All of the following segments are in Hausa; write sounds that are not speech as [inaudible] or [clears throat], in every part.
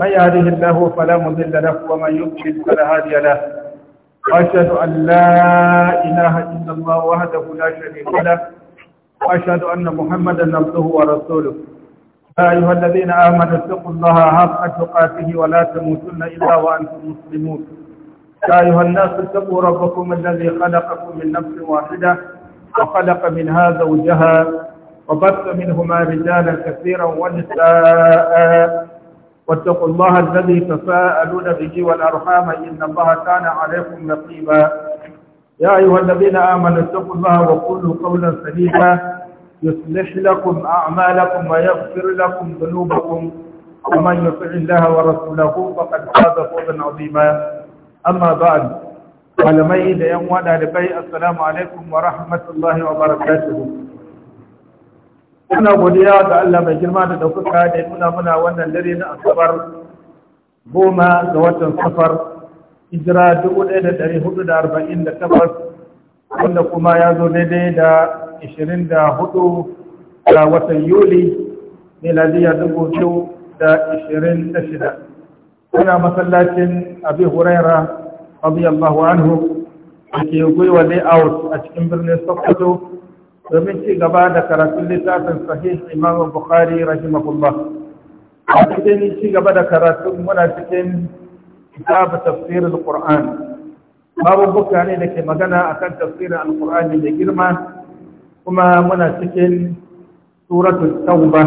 من يهده الله فلا مضل له ومن يضلل فلا هادي له واشهد ان لا اله الا الله وحده لا شريك له واشهد ان محمدا عبده ورسوله يا ايها الذين امنوا اتقوا الله حق تقاته ولا تموتن الا وانتم مسلمون يا ايها الناس اتقوا ربكم الذي خلقكم من نفس واحده وخلق منها زوجها وبث منهما رجالا كثيرا ونساء واتقوا الله الذي تساءلون به والأرحام إن الله كان عليكم رقيبا يا أيها الذين آمنوا اتقوا الله وقولوا قولا سديدا يصلح لكم أعمالكم ويغفر لكم ذنوبكم ومن يطع الله ورسوله فقد فاز فوزا عظيما أما بعد قال ميد يوم وانا لبي السلام عليكم ورحمة الله وبركاته Muna godiya ga Allah mai girma da ɗaukaka da nuna muna wannan dare na asabar goma ga watan safar hijira dubu ɗaya da ɗari hudu da arba'in da takwas wanda kuma ya zo daidai da ishirin da hudu ga watan yuli miladiyya dubu biyu da ishirin da shida. Muna masallacin Abi Huraira radiyallahu anhu da ke gwiwa layout a cikin birnin Sokoto domin ci gaba da karatun littafin sahih imam bukhari rahimahullah a cikin ci gaba da karatun muna cikin kitab tafsir al-qur'an babubuka ne da ke magana akan tafsirin al-qur'ani da girma kuma muna cikin suratul tauba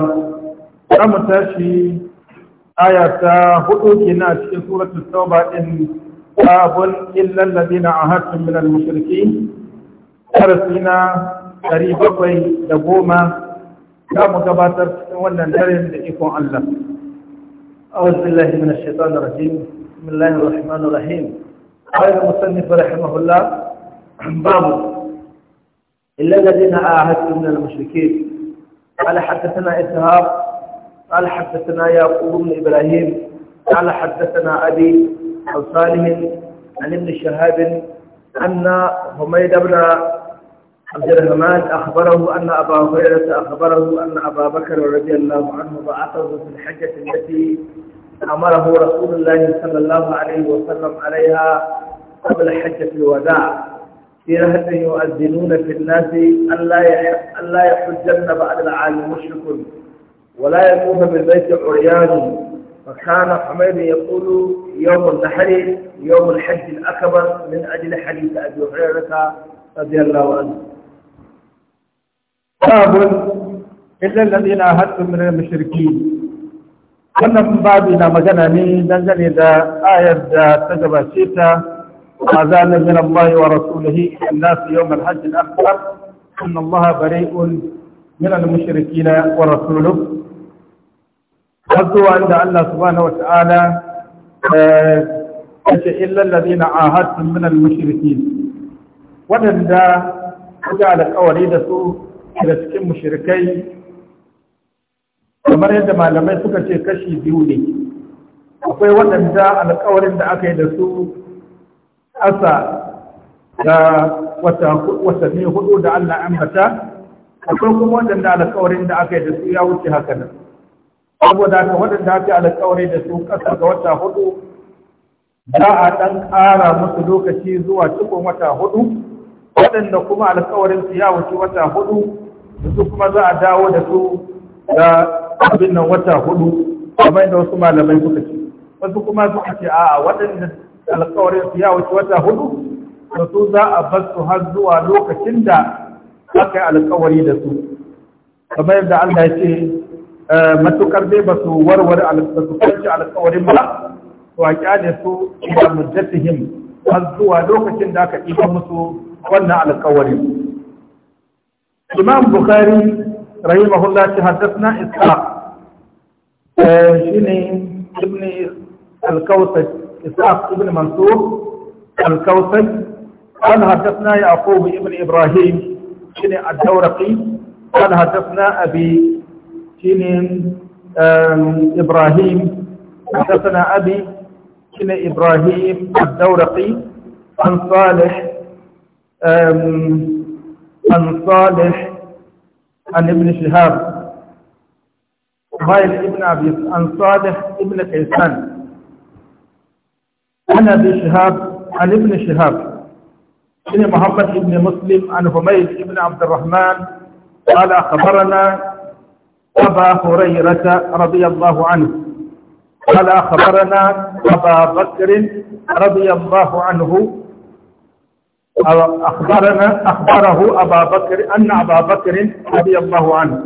za mu tashi aya ta hudu kina cikin suratul tauba din babun illal ladina ahadtum al mushrikin arsalna ɗari bakwai da goma za mu gabatar cikin wannan daren da ikon Allah. أعوذ بالله من الشيطان الرجيم بسم الله الرحمن الرحيم قال المصنف رحمه الله باب إلا الذين عاهدتم من المشركين قال حدثنا إسهاب قال حدثنا يعقوب بن إبراهيم قال حدثنا أبي أو صالح عن ابن شهاب أن حميد بن عبد الرحمن أخبره أن أبا هريرة أخبره أن أبا بكر رضي الله عنه بعثه في الحجة التي أمره رسول الله صلى الله عليه وسلم عليها قبل حجة الوداع في رهن يؤذنون في الناس أن لا يحجن بعد العالم مشرك ولا يكون بالبيت عريان فكان حمير يقول يوم النحر يوم الحج الأكبر من أجل حديث أبي هريرة رضي الله عنه باب إلا الذين أهدتم من المشركين wannan babu na magana ne dangane da ayar da ta gabace ta ma za na min Allah wa rasulihi illa su yawm al-hajj al-akbar inna Allah bari'un min al-mushrikeen wa rasuluhu hazuwa inda Allah subhanahu wa ta'ala yace illa alladhina ahadtum min al-mushrikeen wadanda kuka alƙawari da su da cikin mushrikai kamar yadda malamai suka ce kashi biyu ne akwai waɗanda alkawarin da aka yi da su asa da watanni hudu da Allah ambata akwai kuma waɗanda alkawarin da aka yi da su ya wuce haka nan saboda haka waɗanda aka alkawari da su ƙasa ga wata hudu za a ɗan ƙara musu lokaci zuwa cikin wata hudu waɗanda kuma alkawarin su ya wuce wata hudu da su kuma za a dawo da su ga abin nan wata hudu kamar da wasu malamai suka ce wasu kuma suka ce a waɗanda alkawarin su ya wuce wata hudu da su za a bar su har zuwa lokacin da aka yi alkawari da su kamar yadda Allah ya ce eh, matukar dai ba su warware ba su kwanci alkawarin ba to a kyale su ila mujjatihim har zuwa lokacin da aka ɗiba musu wannan alkawarin إمام بخاري رحمه الله تحدثنا إسحاق آه، شيني ابن الكوثج إسحاق ابن منصور الكوثج قال حدثنا يعقوب ابن إبراهيم شيني الدورقي قال حدثنا أبي شيني إبراهيم حدثنا أبي شيني إبراهيم الدورقي عن صالح عن صالح عن ابن شهاب قال ابن أبي عن صالح ابن كيسان عن أبي شهاب عن ابن شهاب ابن محمد ابن مسلم عن حميد ابن عبد الرحمن قال أخبرنا أبا هريرة رضي الله عنه قال أخبرنا أبا بكر رضي الله عنه أخبرنا أخبره أبا بكر أن أبا بكر رضي الله عنه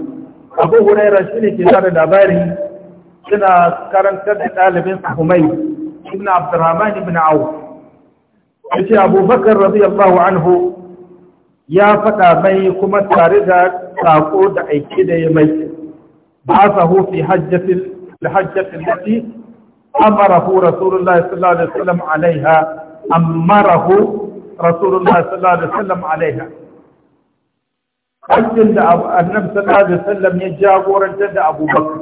أبو هريرة شيني كتار الأباري كنا كارن تدعى لبن حميد ابن عبد الرحمن بن عوف يجي أبو بكر رضي الله عنه يا فتى مي كما تارجا تاقود يا يمي بعثه في حجة الحجة التي أمره رسول الله صلى الله عليه وسلم عليها أمره rasulullah sallallahu alaihi wasallam alaiha hajjin da annabi sallallahu alaihi wasallam ya jagorantar da abubakar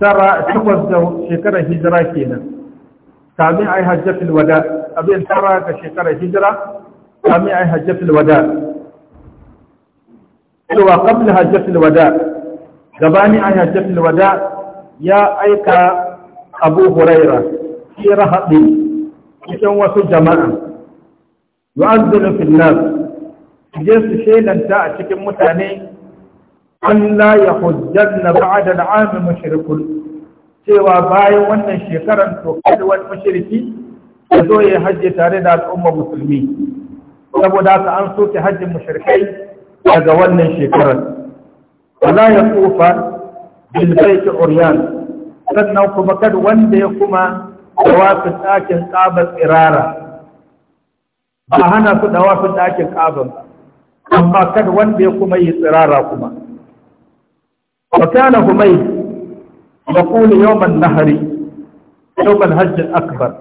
tara takwas da shekarar hijira kenan kamin ai hajjatul wada abin tara ga shekarar hijira kamin ai hajjatul wada wa qabla hajjatul wada gabani ai hajjatul wada ya aika abu huraira shi rahabi cikin wasu jama'a yu'azzilu fil nas je su shelanta a cikin mutane an hujjar yahujjanna ba'da al'am mushrikun cewa bayan wannan shekarar to kada wani mashiriki ya zo ya hajji tare da al'ummar musulmi saboda ka an soke hajjin mashirikai daga wannan shekarar Bala ya tsufa bil oriyan sannan kuma kada wanda ya kuma dawafin ɗakin ƙabar tsirara ba hana su dawafin ɗakin ƙabar amma kan wanda ya kuma yi tsirara kuma wa kana humay yaqulu yawman nahri yawman hajj akbar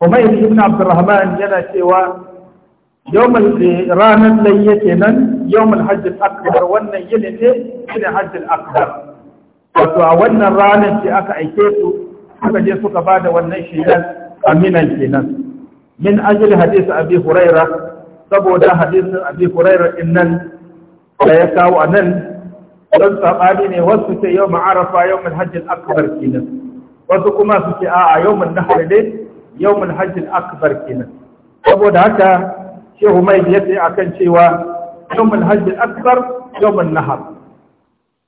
humay ibn abdurrahman yana cewa yawman eh, ranan yake nan yawman hajj akbar wannan yini ne ne hajj akbar wato a wannan ranar ce aka aike su suka je suka ba da wannan shaidan aminan kenan min ajil hadisi abi huraira saboda hadisin abi huraira din da ya kawo a nan don saɓani ne wasu ce yau ma'arafa yau min hajjin akbar kenan wasu kuma su ce a'a yau min nahar ne yau min hajjin akbar kenan saboda haka shehu mai ya ce akan cewa yau min hajjin akbar yau min nahar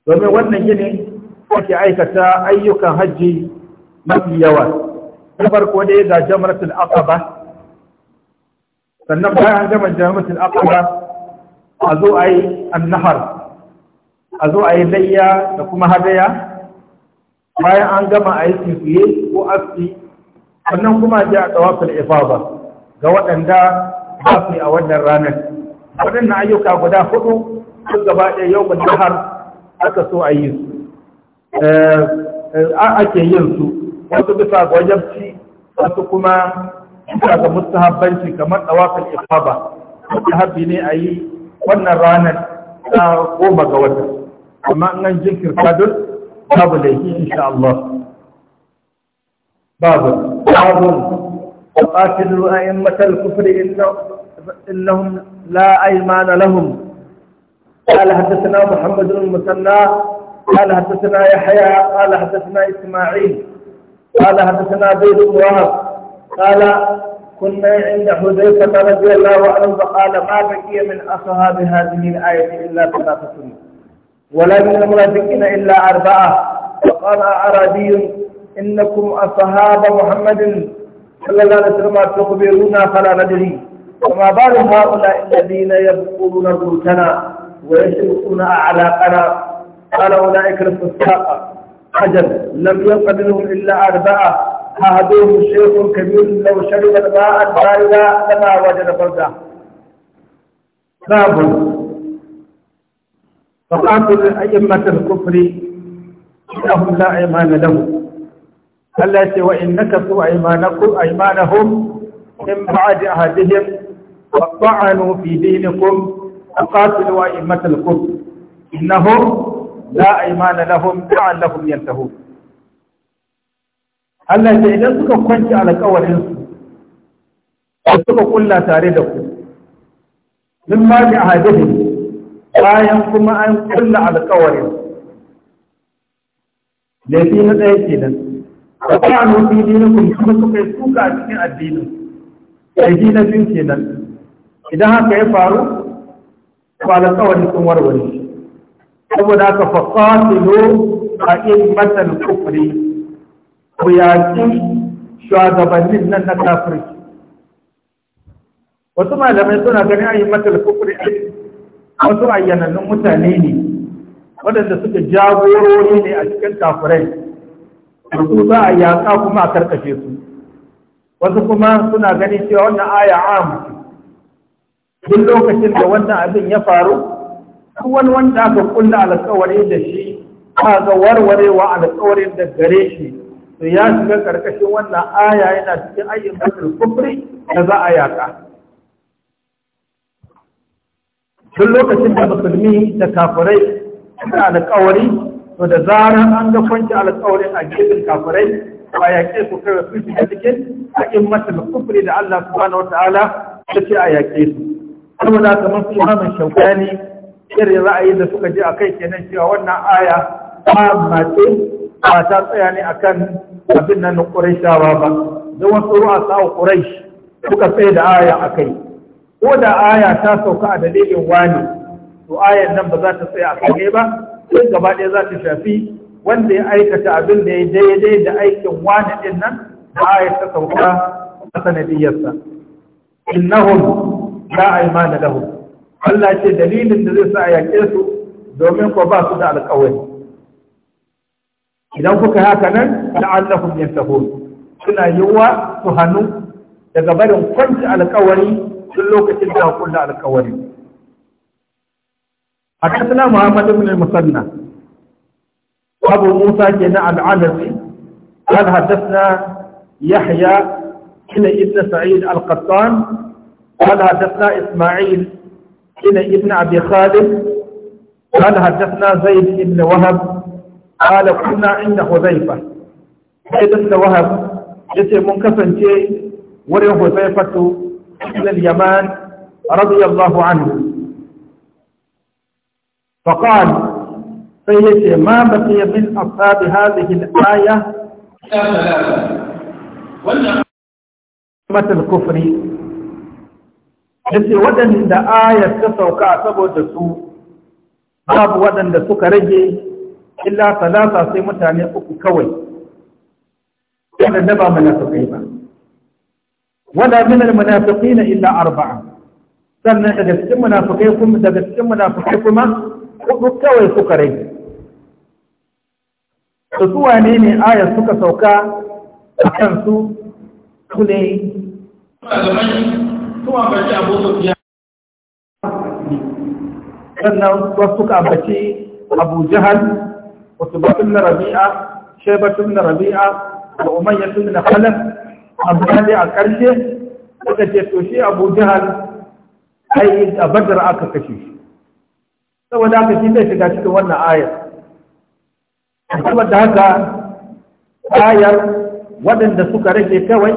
domin wannan yini ake aikata ayyukan hajji mafi yawa ta farko dai ga jamratul aqaba sannan bayan gama jamratul aqaba a zo a yi annahar a zo a layya da kuma hadaya bayan an gama a yi ko asfi sannan kuma ji a tsawafin ifaba ga waɗanda ba su a wannan ranar waɗannan ayyuka guda hudu sun gaba ɗaya yau ban har aka so a yi su eh, eh, ake yin su wasu bisa wajabci wasu kuma bisa ga mustahabbanci kamar dawakal ifaba mustahabbi ne a yi wannan ranar ta goma ga wata amma an jinkirta duk babu laifi insha Allah باب باب وقاتلوا أئمة الكفر إنه إنهم لا أيمان لهم قال حدثنا محمد بن المثنى قال حدثنا يحيى قال حدثنا إسماعيل قال حدثنا زيد بن وهب قال كنا عند حذيفة رضي الله عنه فقال ما بقي من أصحاب هذه الآية إلا ثلاثة ولا من المنافقين إلا أربعة فقال أعرابي إنكم أصحاب محمد صلى الله عليه وسلم تخبرونا فلا ندري وما بال هؤلاء الذين يبقون بيوتنا ويشركون أعلاقنا قال أولئك الفساق عجب لم يبق منهم إلا أربعة أحدهم شيخ كبير لو شرب الماء باردا لما وجد فردا باب فقاتل أئمة الكفر إنهم لا أيمان لهم ألا سوى إن نكثوا أيمانكم أيمانهم من بعد عهدهم وطعنوا في دينكم فقاتلوا أئمة الكفر إنهم la aimana lahum la'allahum yantahun Allah ya idan suka kwanci alƙawarin su suka kulla tare da ku min ma bi ahadihi bayan kuma an kulla alƙawarin laifi na ɗaya kenan wa ta'anu ne dinikum kuma suka yi suka a cikin addinin laifi na biyu kenan idan haka ya faru ko alƙawarin sun warware saboda haka faƙasilo a matan kufri ku yaƙi shugabannin nan na kafirci wasu malamai suna ganin a matan kufri wasu ayyanannun mutane ne waɗanda suka jagorori ne a cikin kafirai da su za a yaƙa kuma a karkashe su wasu kuma suna ganin cewa wannan aya amu duk lokacin da wannan abin ya faru duk wani wanda aka kulla alƙawari da shi ba ga warwarewa alƙawarin da gare shi to ya shiga karkashin wannan aya yana cikin ayyukan kufri da za a yaka duk lokacin da musulmi da kafirai suka alƙawari to da zarar an ga kwanci alƙawarin a gefen kafirai a yaƙe su kai su shiga cikin haƙin mata da kufri da Allah subhanahu wataala ta ce a yaƙe su saboda kamar su imamin shaukani irin ra'ayin da suka je a kai kenan cewa wannan aya ta mace ba ta tsaya ne akan abin nan ƙurashawa ba don wasu ruwa sa ƙurash suka tsaye da aya a kai ko da aya ta sauka a dalilin wani to ayan nan ba za ta tsaya a kai ba sai gaba ɗaya za ta shafi wanda ya aikata abin da ya daidai da aikin wani ɗin nan da aya ta sauka a sanadiyarsa innahum la aymana lahum Allah ce dalilin da zai sa a yaƙe su domin ko ba su da alƙawari idan kuka haka nan la'allahum yantahun suna yiwa su hannu daga barin kwanci alƙawari tun lokacin da kulla alƙawari a kasana Muhammad ibn Musanna Abu Musa ke na al'anazi قال Yahya, يحيى بن ابن سعيد القطان قال حدثنا Isma'il. إلى ابن أبي خالد قال حدثنا زيد بن وهب قال كنا عند حذيفة زيد بن وهب yace mun kasance وري حذيفة ibn اليمان رضي الله عنه فقال سيدي ما بقي من أصحاب هذه الآية ثلاثة الكفر yace waɗanda ayar ta sauka saboda su babu waɗanda suka rage illa talata sai mutane uku kawai waɗanda ba munafiqai ba wala min almunafiqina illa arba'a sannan daga cikin munafiqai kuma daga cikin munafiqai kuma hudu kawai suka rage to su wane ne ayar suka sauka a kansu su ne kuma ambaci abu sufiya sannan wasu suka ambaci abu jihar wasu batun na rabi'a shaibatun na rabi'a da umayyatun na khalaf amma dai a ƙarshe suka ce to shi abu jihar ai a badar aka kashe shi saboda haka shi zai shiga cikin wannan ayar saboda haka ayar waɗanda suka rage kawai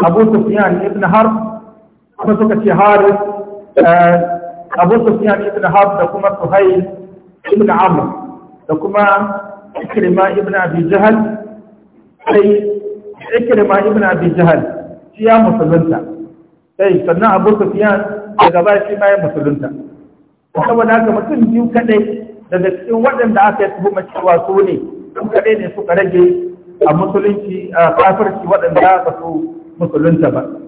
abu sufiyan ibn harb kuma suka ce haris eh, abu sufiyan ibn hab da kuma suhail ibn amr da kuma ikrima ibn abi jahal sai ikrima ibn abi jahal shi ya musulunta sai sannan abu sufiyan daga baya shi ma ya musulunta saboda haka mutum biyu kaɗai daga cikin waɗanda aka yi tuhuma cewa su ne su kaɗai ne suka rage a musulunci a kafirci waɗanda ba su musulunta ba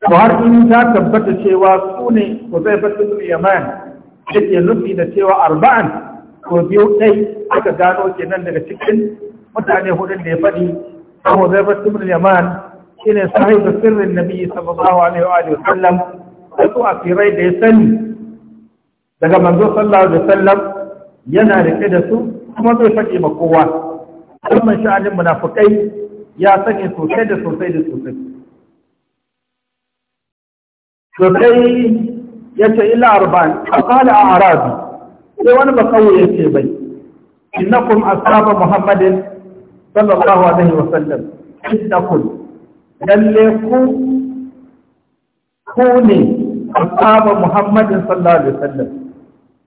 ko har in ta tabbata cewa su ne ko zai su yaman yake nufi da cewa arba'an ko biyu ɗai aka gano kenan daga cikin mutane hudun da ya faɗi ko zai su yaman shine da sirrin nabi sallallahu alaihi wa alihi su a firai da ya sani daga manzo sallallahu alaihi sallam yana rike da su kuma zai faɗi ma kowa musamman sha'anin munafukai ya sani sosai da sosai da sosai to sai ya ce ila arba'in a kala a arabi sai wani ba kawai ya ce bai innakum ashaba muhammadin sallallahu alaihi wa sallam innakum lalle ku ku ne ashaba muhammadin sallallahu alaihi wa sallam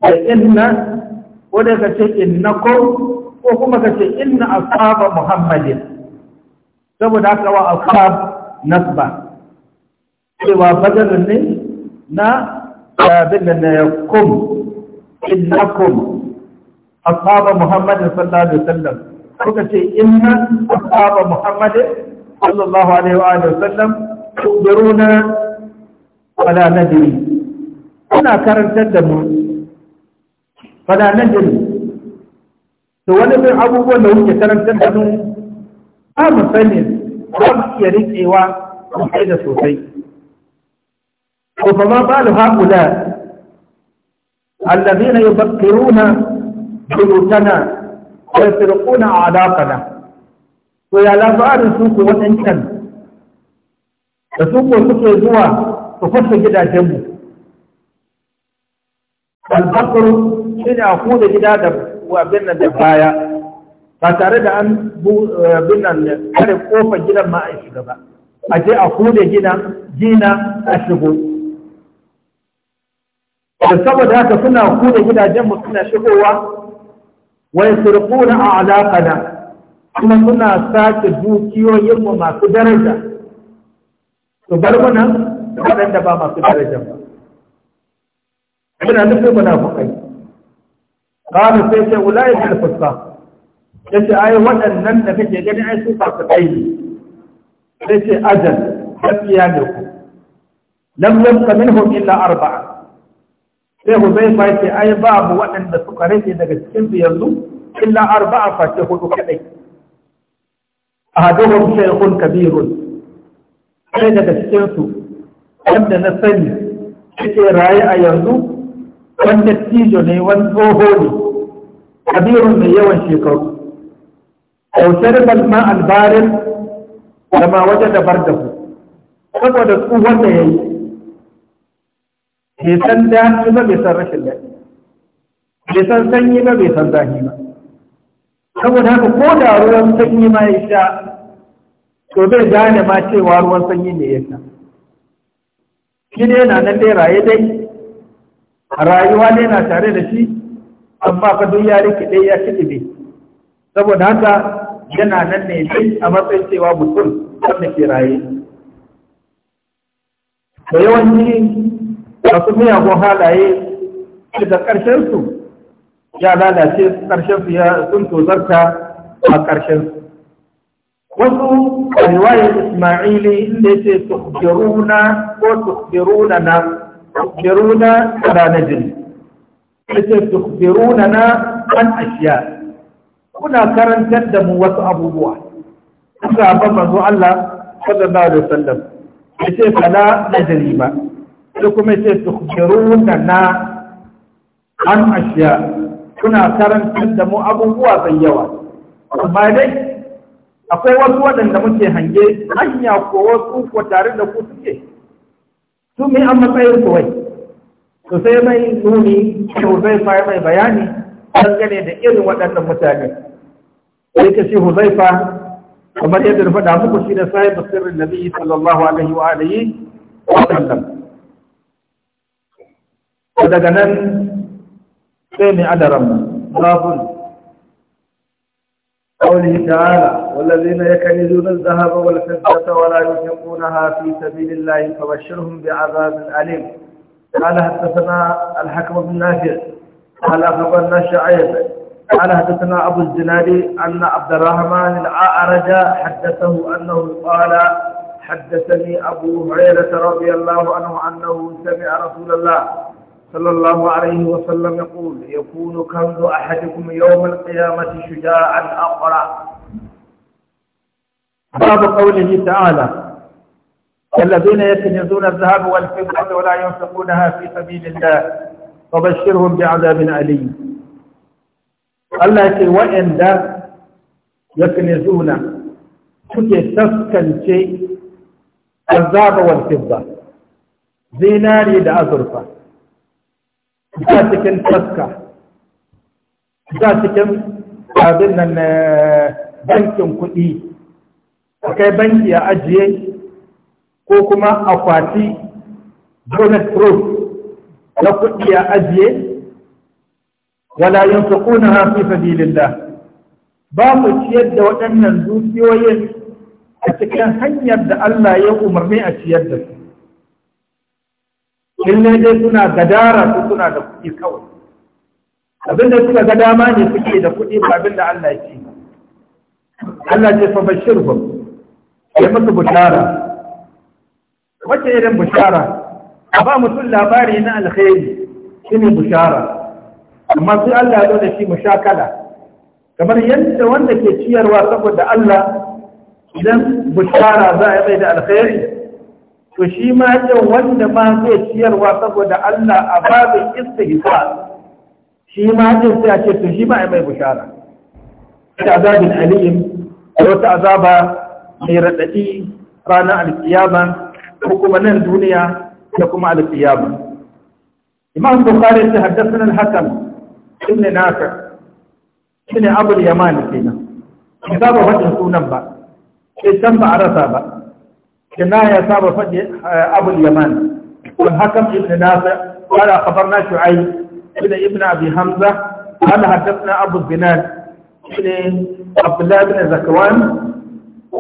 da inna ko da ka ce innakum ko kuma ka ce inna ashaba muhammadin saboda haka wa ashab nasba cewa ne na eh, abin da na eh, kum muhammadin sallallahu alaihi wasallam kuka ce inna muhammadin sallallahu alaihi wa alihi wasallam wala nadri karantar da mu wala nadri to wani bin abubuwan da kuke karantar da mu ba mu sani ba mu iya riƙewa sosai da sosai أو فما بال هؤلاء الذين يفكرون بيوتنا ويسرقون أعلاقنا ويالا بال سوق وتنشن السوق وسوق يزوى تفش جدا جنب والبقر حين أقول جدا دب وأبنى دبايا فتارد أن بنا نعرف أوفا جدا ما أشغبا أجي أقول جدا جينا أشغبا da saboda haka suna kuna gidajen mu suna shigowa wa yasriquna a'laqana kuma suna sace dukiyoyin mu masu daraja to bar mana waɗanda ba masu daraja ba ina nufin munafukai kana sai ce ulai kal fasa yace ai waɗannan da kake gani ai su fasikai ne sai ce ajal gaskiya ne ku lam yabqa minhum illa arba'a sai huzaifa ce ai babu waɗanda suka rage daga cikin su yanzu illa arba'a face hudu kadai ahaduhum shaykhun kabirun sai daga cikin su wanda na sani yake raye a yanzu wanda tijo ne wani tsoho ne kabirun mai yawan shekaru kautar balma albarin da ma wajen da da ku saboda tsohon da ya yi bai san daɗi ba bai san rashin daɗi bai san sanyi ba bai san zafi ba saboda haka ko da ruwan sanyi ma ya sha to bai gane ma cewa ruwan sanyi ne ya sha shi ne yana nan dai raye dai rayuwa ne na tare da shi amma fa duk ya rikide ya kiɗibe saboda haka yana nan ne dai a matsayin cewa mutum wanda ke raye da yawanci masu miyagun halaye da ƙarshensu ya lalace ƙarshensu ya sun tozarta a ƙarshensu wasu a riwayar ismaili inda ya ce tukbiruna ko tukbiruna na tukbiruna ranajin ya ce tukbiruna na an ashiya kuna karantar da mu wasu abubuwa ga ban manzo Allah sallallahu da Sallam, ya ce fala najri ba sai kuma ce tukbirun da na an ashiya kuna karantar da mu abubuwa zai yawa amma dai akwai wasu waɗanda muke hange hanya ko wasu ko tare da ku suke su mai an matsayin wai to sai mai nuni ko zai fa mai bayani dangane da irin waɗannan mutane sai ka shi huzaifa kamar yadda faɗa muku shi da sahibu sirrin nabi sallallahu alaihi wa alihi wa sallam daga nan sai mai adaran قوله تعالى والذين يكنزون الذهب والفضة ولا ينفقونها في سبيل الله فبشرهم بعذاب أليم قال حدثنا الحكم بن نافع قال أخبرنا شعيب قال حدثنا أبو الزنادي أن عبد الرحمن الأعرج حدثه أنه قال حدثني أبو هريرة رضي الله عنه أنه سمع رسول الله صلى الله عليه وسلم يقول يكون كنز أحدكم يوم القيامة شجاعا أقرع باب قوله تعالى الذين يكنزون الذهب والفضة ولا ينفقونها في سبيل الله فبشرهم بعذاب أليم الله يقول وإن ya يكنزون zuna تسكن شيء الذهب والفضة زيناري zinari za cikin taska za cikin abin nan eh, bankin kuɗi akai banki a ajiye ko kuma akwati bonus proof na kuɗi a ajiye wala yin sukuna hafi sabilillah ba mu ciyar da waɗannan dukiyoyin a cikin hanyar da Allah ya umarni a ciyar da su ne dai suna gadara su suna da kuɗi kawai abinda suka ga dama ne suke da kuɗi ba da Allah ya ce Allah ce fa bashir ba ya musu bushara wace irin bushara a ba mutum labari na alkhairi shine bushara amma sai Allah ya da shi mushakala kamar yadda wanda ke ciyarwa saboda Allah idan bushara za a yi mai da alkhairi to shi ma yau wanda ma zai ciyarwa saboda Allah a babin istihsa shi ma din sai a ce to shi ma ai mai bushara da azabin alim wata azaba mai raɗaɗi ranar alkiyama ko kuma nan duniya da kuma alkiyama imam bukhari ya hakan, al ne ibn nafi ne abul yaman kenan ba ba wannan sunan ba sai san ba a rasa ba كناية سابة فجي آه، أبو اليمان والحكم ابن نافع قال أخبرنا شعيب ابن ابن أبي حمزة قال حدثنا أبو الزناد ابن عبد الله بن زكوان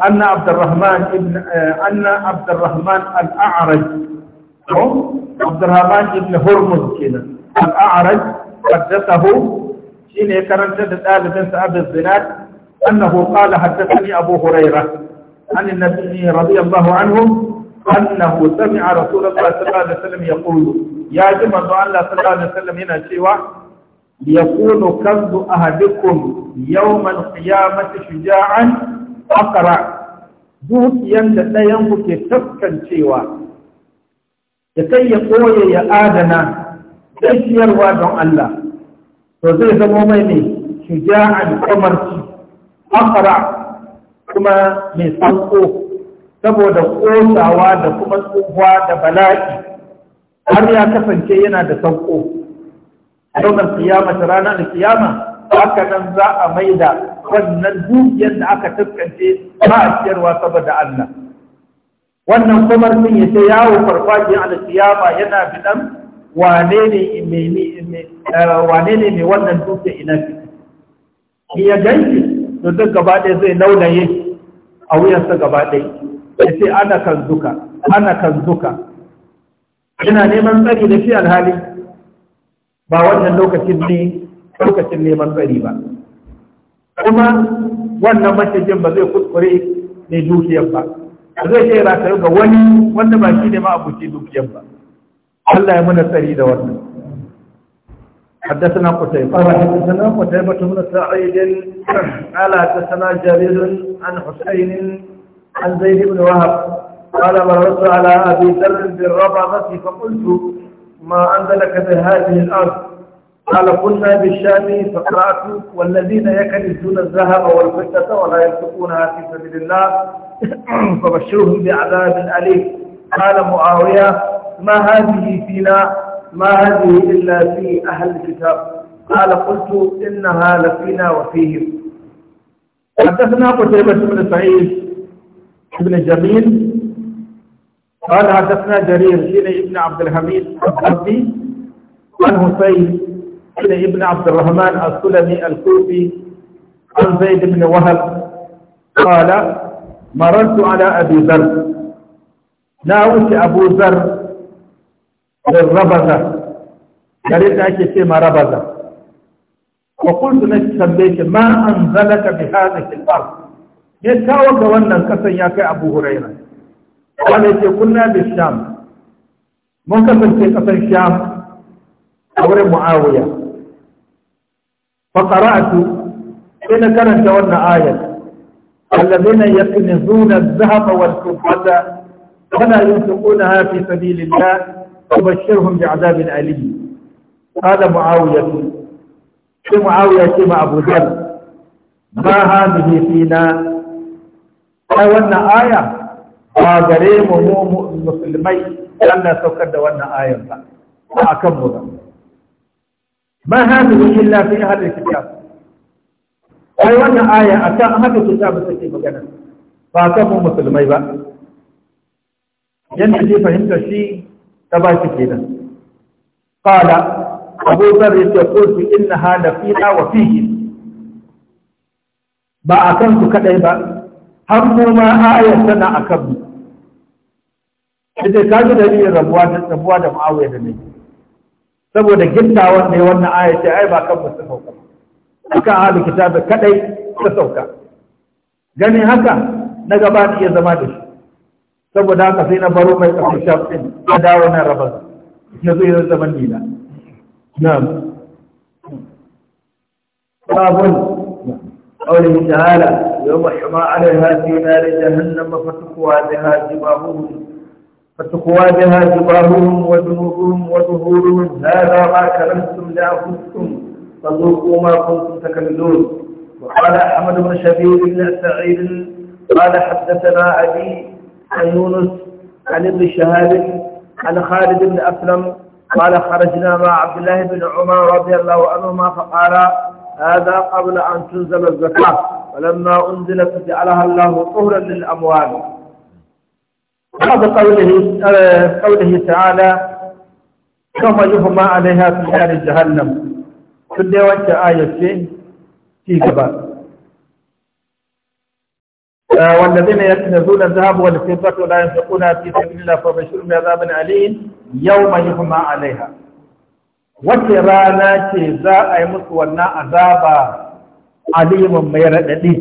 أن عبد الرحمن ابن آه، أن عبد الرحمن الأعرج عبد الرحمن ابن هرمز كنا الأعرج حدثه شيء كرنت الآل بن أبي الزناد أنه قال حدثني أبو هريرة عن النبي رضي الله عنه أنه سمع رسول الله صلى الله عليه وسلم يقول يا جماعة الله صلى الله عليه وسلم هنا شيوا يكون كذب أحدكم يوم القيامة شجاعا أقرأ دوت يند لا ke taskancewa da kai ya koye ya adana sai الله don Allah to zai zama mai kuma mai tsanko saboda ƙosawa da kuma tsohuwa da bala'i har ya kasance yana da tsanko. a yawon kiyama ta ranar da kiyama haka nan za a maida wannan dukiyar da aka taskance ba a ciyarwa saboda Allah wannan kumar sun yi ta yawo farfajiyar alkiyama yana bidan eh, wane ne mai wannan dukiyar ina fi ya ganshi to duk gaba ɗaya zai launaye a wuyansa gaba ɗaya. ya ce ana kan zuka ana kan zuka yana neman tsari da shi alhali ba wannan lokacin ne lokacin neman tsari ba kuma wannan macijin ba zai kuskure ne dukiyar ba ba zai kai ratayu ga wani wanda ba shi ne ma abuci dukiyar ba Allah ya muna tsari da wannan حدثنا قتيبة قال حدثنا قتيبة بن سعيد قال حدثنا جرير عن حسين عن زيد بن وهب قال مررت على أبي ذر بالربضة فقلت ما أنزلك بهذه الأرض قال كنا بالشام فقرأت والذين يكنزون الذهب والفضة ولا ينفقونها في سبيل الله [clears throat] فبشرهم بعذاب أليم قال معاوية ما هذه فينا ما هذه إلا في أهل الكتاب قال قلت إنها لفينا وفيهم حدثنا قتيبة بن سعيد بن جميل قال حدثنا جرير بن ابن عبد الحميد الحربي عن حسين بن ابن عبد الرحمن السلمي الكوفي عن زيد بن وهب قال مررت على أبي ذر ناوت أبو ذر da rabaza garin ake ce ma rabaza wa kullu na tambaye shi ma an zalaka bi hada al-ard kawo ga wannan kasan ya kai Abu Huraira wanda kun kunna bi Sham mun kasance kasan Sham a wurin Muawiya fa qara'tu sai na karanta wannan ayat alladhina yakunzuna adh-dhahaba wal-fiddata wa la fi sabilillah وبشرهم بعذاب أليم قال معاوية في معاوية كما أبو ذر ما هذه فينا أي وانا آية وغريم مو مسلمي لأن سوكد وانا آية وأكمل ما هذه إلا في أهل الكتاب ai wannan aya a kan haka su ta musu ke magana ba kan mu musulmai ba yadda ke fahimta shi ta ba shi kenan qala abu zar yace qultu hada fi fiha wa fihi ba akan ku kadai ba har mu ma tana akan mu idan ka ji yin rabuwa da rabuwa da ma'awiya da ne saboda gittawan ne wannan ayar ce ai ba kan su ta sauka akan ahli kitabi kadai su sauka gani haka na gaba iya zama da shi saboda haka sai na baro mai kafin shafin ya dawo na rabar ya zo zaman nila na'am babun قوله تعالى يوم حما عليها في نار جهنم فتقوى بها جباههم فتقوى بها جباههم وجنوبهم وظهورهم هذا ما كرمتم لانفسكم فذوقوا ما كنتم تكملون وقال احمد بن شبيب بن سعيد قال حدثنا ابي عن يونس عن ابن شهاب عن خالد بن أسلم قال خرجنا مع عبد الله بن عمر رضي الله عنهما فقال هذا قبل أن تنزل الزكاة ولما أنزلت جعلها الله طهرا للأموال هذا قوله, آه، قوله تعالى ثم يهما عليها في نار جهنم كل يوم آية في جبال والذين يكنزون الذهب والفضة ولا ينفقونها في سبيل الله فبشرهم بعذاب أليم يوم يهما عليها wace rana ce za a yi musu wannan azaba alimin mai raɗaɗi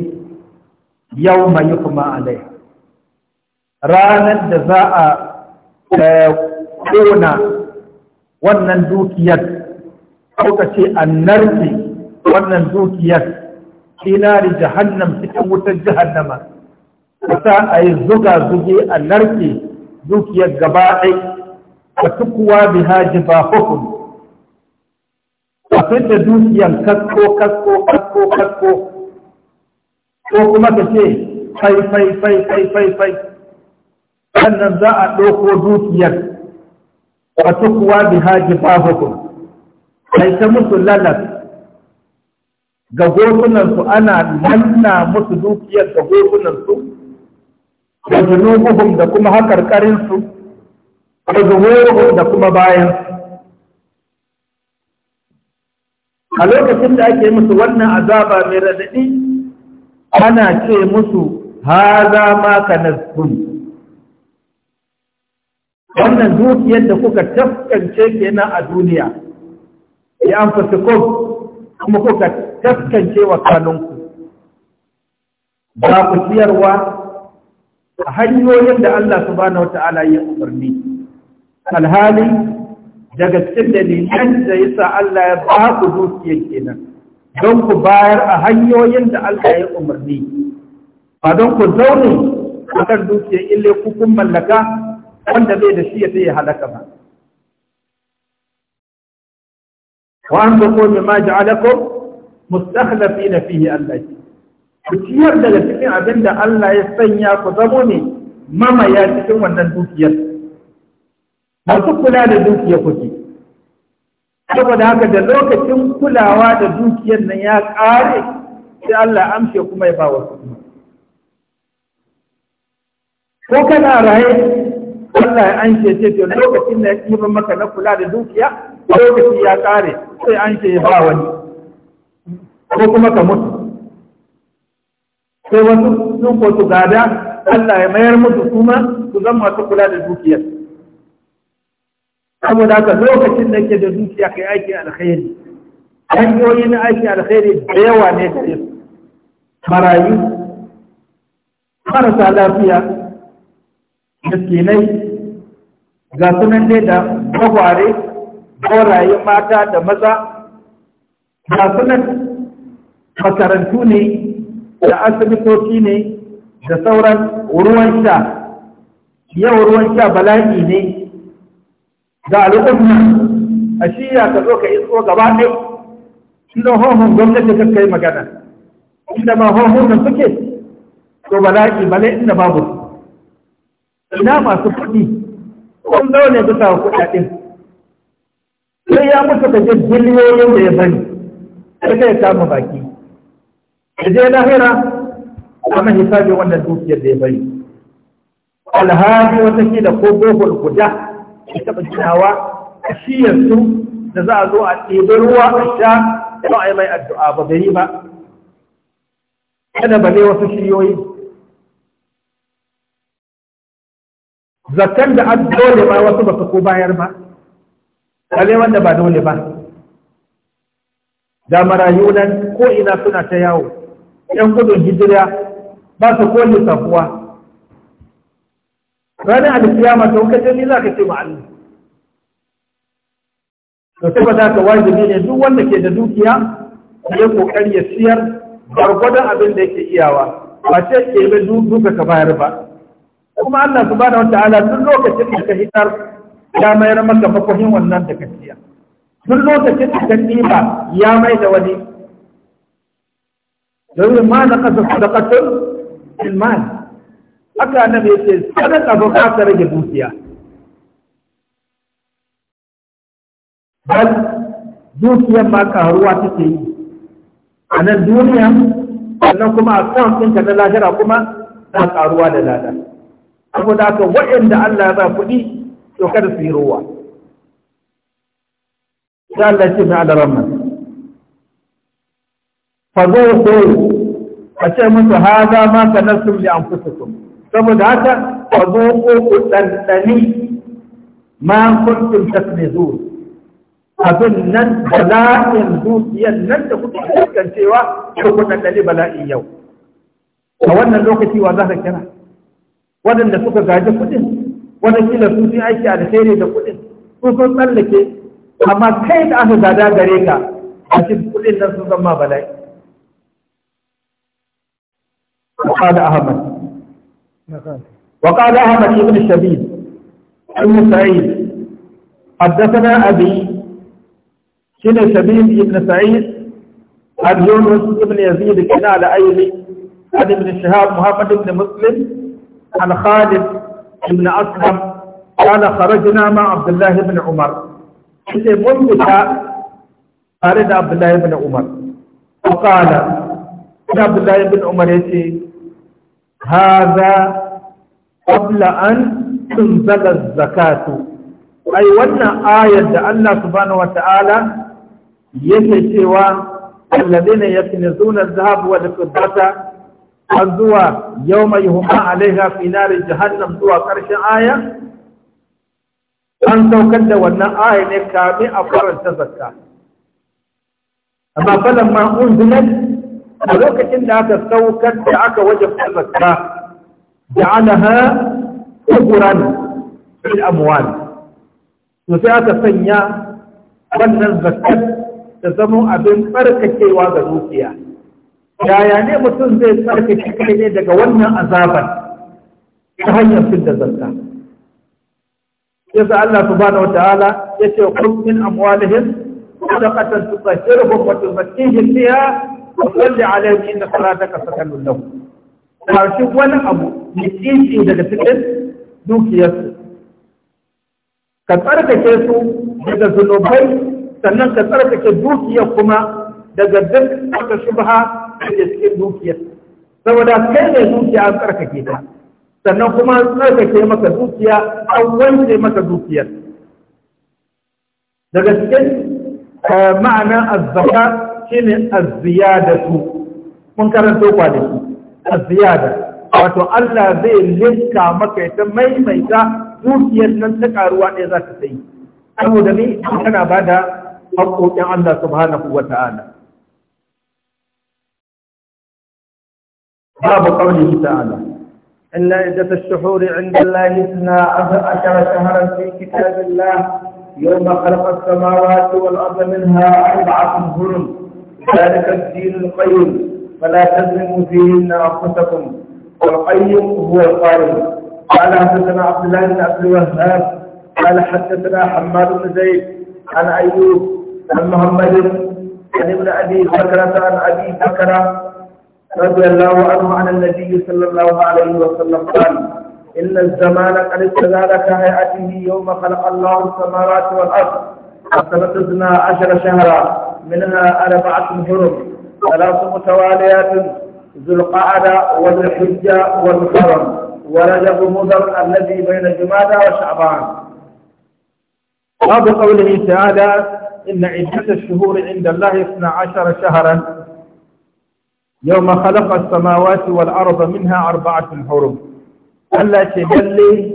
yau mai kuma alai ranar da za a ƙona wannan dukiyar kuka ce an narfe wannan dukiyar inari jahannam cikin wutar jahannama ka a yi zuga zuge a narke dukiyar gaba ɗai ka tukuwa bi haji ba hukum ka fita dukiyar kasko kasko kasko kasko ko kuma ka ce fai fai fai fai fai fai sannan za a ɗauko dukiyar ka tukuwa bi haji ba hukum kai ta musu lalas ga gogunansu ana nanna musu dukiyar ga gogunansu da da kuma haƙarƙarinsu da da kuma bayansu a lokacin da ake musu wannan azaba mai radadi ana ce musu haza ma kanaztum wannan dukiyar da kuka taskance kenan a duniya ya an fasikon kuma kuka taskance wa kanunku ba ku ciyarwa a hanyoyin da Allah subhanahu wata'ala ya umarni alhali daga cikin dalilan da yasa Allah ya ba ku zuciya kenan don ku bayar a hanyoyin da Allah ya umarni ba don ku zaune kan dukiyar ille ku kun mallaka wanda bai da shi ya sai ya halaka ba wa an taqulu ma ja'alakum mustakhlifina fihi Allah ku ciyar daga cikin abin da Allah ya sanya ku zamo ne mamaya cikin wannan dukiyar masu kula da dukiyar kuke saboda haka da lokacin kulawa da dukiyar nan ya ƙare sai Allah amshe kuma ya ba wasu kuma ko kana raye Allah ya anshe ce to lokacin da ya ɗiba maka na kula da dukiya lokaci ya ƙare sai anshe ya ba wani ko kuma ka mutu sai wasu sun ko gada Allah ya mayar musu kuma su zama masu kula da dukiyar saboda haka lokacin da ke da dukiya kai aiki alkhairi hanyoyi na aiki alkhairi da yawa ne da su marayu marasa lafiya miskinai ga sunan dai da gwagware goraye mata da maza ga sunan makarantu ne da asibitoci ne da sauran ruwan sha yau ruwan sha bala'i ne da al'umma a shiya ka zo ka iso gaba ɗai inda hohun gwamnati ka kai magana inda ma hohun da suke to bala'i bala inda babu ina masu kuɗi kun zaune bisa kuɗaɗen sai ya musu ka je biliyoyin da ya bani sai ka ya kama baki ya je lahira kuma hisabi wannan dukiyar da ya bari Alhaji wata ke da ko bohol guda ya taɓa ginawa a shiyarsu da za a zo a ɗebi ruwa a sha ba a yi mai addu'a ba bai yi ba kada ba ne wasu shiyoyi zakan da an dole ba wasu ba su ko bayar ba kale wanda ba dole ba da marayu nan ko ina suna ta yawo 'yan gudun hijira ba su ko safuwa. ranar alkiyama ta wukace ni za ka ce su ba za ka wajibi ne duk wanda ke da dukiya ya kokari ya siyar gargwadon abin da yake iyawa ba ce ke yi duka ka bayar ba kuma Allah wata ala duk lokacin da ka hitar ya mayar maka makwahin wannan da ka siya duk lokacin da ka ɗiba ya mai da wani don ma na kasa sadakatun ilman haka na mai ce sadaka ba ba ta rage dukiya bal dukiyar ma karuwa take yi a nan duniya sannan kuma a kan ɗinka na lahira kuma na karuwa da lada saboda haka waɗanda Allah ya ba kuɗi to kada su yi ruwa. Allah ce mai adaran fazo a ce musu haza ma ka nasu bi an saboda haka ko ku ɗanɗani ma kuntum tasmizu abin nan bala'in dukiyan nan da kuka fuskancewa ko ku ɗanɗani bala'in yau a wannan lokaci wa za ka kira waɗanda suka gaji kuɗin wani kila su sun aiki alheri da kuɗin su sun tsallake amma kai da aka gada gare ka a cikin kuɗin nan sun zama bala'i وقال أحمد نعم. وقال أحمد بن الشبيب ابن سعيد حدثنا أبي شن شبيب ابن سعيد عن يونس بن يزيد كنا على أيلي عن ابن شهاب محمد بن مسلم عن خالد بن أسلم قال خرجنا مع عبد الله بن عمر إذا منذ tare عبد الله بن عمر وقال عبد الله بن عمر ya haza qabla an zaka zakatu ai wannan ayar da Allah subhanahu wata'ala yake cewa alladhina yaknizuna adh-dhahaba wal fiddata har zuwa yau yawma yuhma alaiha fi nari jahannam zuwa karshen aya an saukar da wannan aya ne kamin a faranta zakka amma falan ma unzilat a lokacin da aka saukar da aka wajabta zakka ja'alaha kuburan fil amwal to sai aka sanya wannan zakkar ta zama abin tsarkakewa ga dukiya yaya ne mutum zai tsarkake kai ne daga wannan azaban ta hanyar zaka? zakka yasa Allah subhanahu wataala yace qul min amwalihim sadaqatan tutahhiruhum wa tuzakkihim biha wasalli alaihi inna salataka sakanun lahu shi wani abu mutunci daga cikin dukiyarsu ka tsarkake su daga zunubai sannan ka tsarkake dukiyar kuma daga duk wata shubha da cikin dukiyar saboda kai ne dukiya an tsarkake ta sannan kuma an tsarkake maka dukiya an wanke maka dukiyar daga cikin eh, ma'ana azzaka shine az-ziyadatu mun karanto kwanaki az-ziyada wato Allah zai linka maka ita mai mai ta dukiyar nan ta karuwa ɗaya za ta sai saboda ni kana bada da haƙoƙin Allah subhanahu wa ta'ala باب قوله تعالى إن عدة الشهور عند الله اثنا عشر شهرا في كتاب الله يوم خلق السماوات والأرض منها أربعة هرم ذلك الدين القيم فلا تظلموا فيهن أنفسكم والقيم هو القائم قال حدثنا عبد الله بن عبد الوهاب قال حدثنا حماد بن زيد عن أيوب عن محمد عن ابن أبي بكرة عن أبي بكرة رضي الله عنه عن النبي صلى الله عليه وسلم قال إن الزمان قد استدار كهيئته يوم خلق الله السماوات والأرض فسبت عشر شهرا منها أربعة حرم ثلاث متواليات ذو القعدة وذو الحجة والمحرم ورجب مضر الذي بين جمادى وشعبان باب قوله تعالى إن عدة الشهور عند الله اثنا عشر شهرا يوم خلق السماوات والأرض منها أربعة حرم ألا تبلي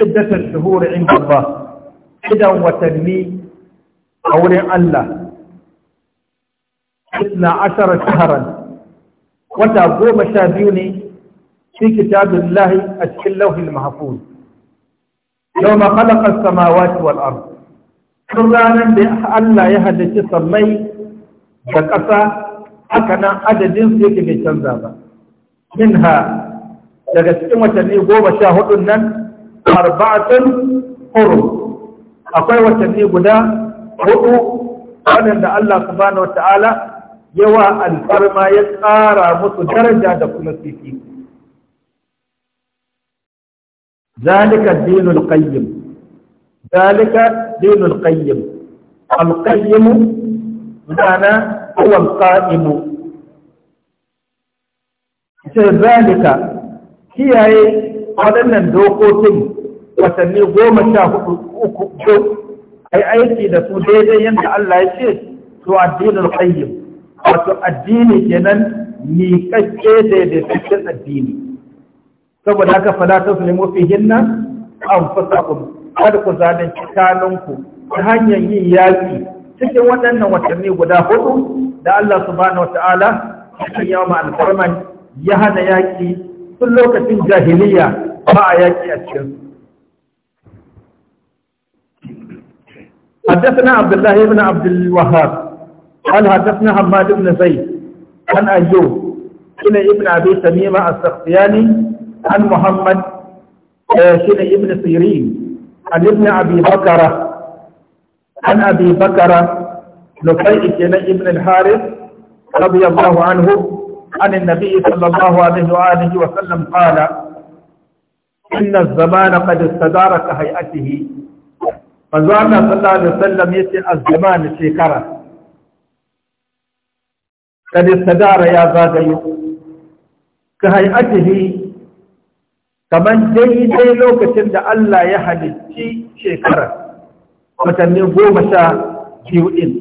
عدة الشهور عند الله إذا وتنمي قول الله na ashara shaharan wata goma sha biyu ne fi kitabin lahi a cikin lauhin mahafu. yau ma kalakar samawa shi wal'ar sun ranar da Allah ya halitta sammai da ƙasa haka nan adadin su yake mai canza ba min ha daga cikin watanni goma sha hudun nan arba'atun huru akwai watanni guda huɗu, waɗanda Allah subhanahu wa ta'ala yawa alfarma ya tsara musu daraja da kuma fifi zalika dinul qayyim zalika dinul qayyim al qayyim ma'ana huwa al qa'im sai zalika kiyaye waɗannan dokokin watanni goma sha hudu uku ai aiki da su daidai yadda Allah ya ce to addinul qayyim wato addini kenan da daidaitaccen addini saboda haka fala ta su nemo fi hinna an fasa kada ku zalunci kanunku ta hanyar yin yaƙi cikin waɗannan watanni guda hudu da Allah subhanahu wata'ala cikin yawma alfarman ya hana yaƙi tun lokacin jahiliya ba a yaƙi a cikin حدثنا عبد الله بن عبد الوهاب قال حدثنا حماد بن زيد عن أيوب شنو ابن أبي تميمة السختياني عن محمد شنو آه، ابن سيرين عن ابن أبي بكرة عن أبي بكرة لقيء شنو ابن الحارث رضي الله عنه عن النبي صلى الله عليه وآله وسلم قال إن الزمان قد استدار كهيئته فزعنا صلى الله عليه وسلم يتي الزمان شكرا kada sadara ya zagayo ka hayatihi kamar daidai lokacin da Allah ya halicci shekarar watanni goma sha biyu ɗin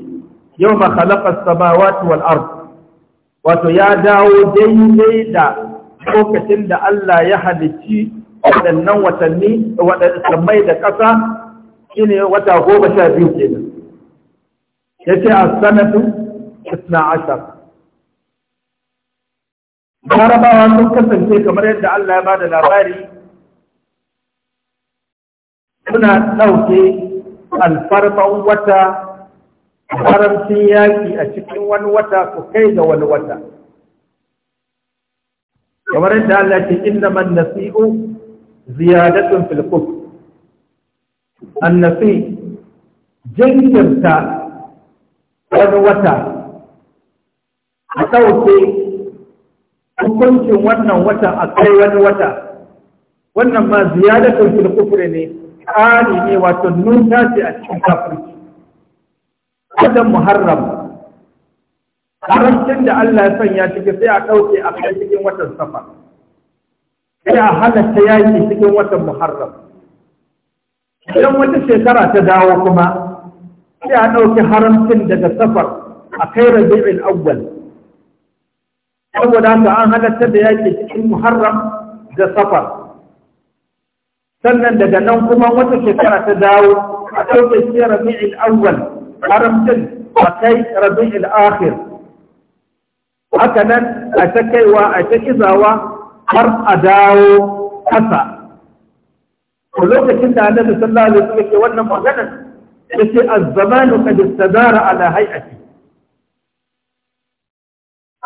yau ma halakar samawati wal ard wato ya dawo daidai da lokacin da Allah ya halicci waɗannan watanni waɗannan da ƙasa shine wata goma sha biyu kenan ya ce a sanatu 12 larabawa sun kasance kamar yadda Allah ya bada labari suna ɗauke alfarman wata haramcin yaƙi a cikin wani wata su kai ga wani wata kamar yadda Allah ce inna man nasi'u ziyadatun fil kufr annasi jinkirta wani wata a ɗauke hukuncin wannan wata a kai wani wata wannan ma ziyadatun da kufure ne ƙari ne wato nun ce a cikin kafirci wajen muharram haramcin da Allah ya sanya cikin sai a ɗauke a kai cikin watan safa sai a halatta yaƙi cikin watan muharram idan wata shekara ta dawo kuma sai a ɗauke haramcin daga safar a kai Rabi'in awwal saboda haka an halatta da yaki cikin muharram da safar sannan daga nan kuma wata shekara ta dawo a ɗauke shi rabi'il awwal haramcin a kai rabi'il akhir haka nan a ta kaiwa a ta kizawa har a dawo ƙasa a lokacin da annabi sallallahu alaihi wasallam ke wannan maganar yace az-zamanu qad istadara ala hay'ati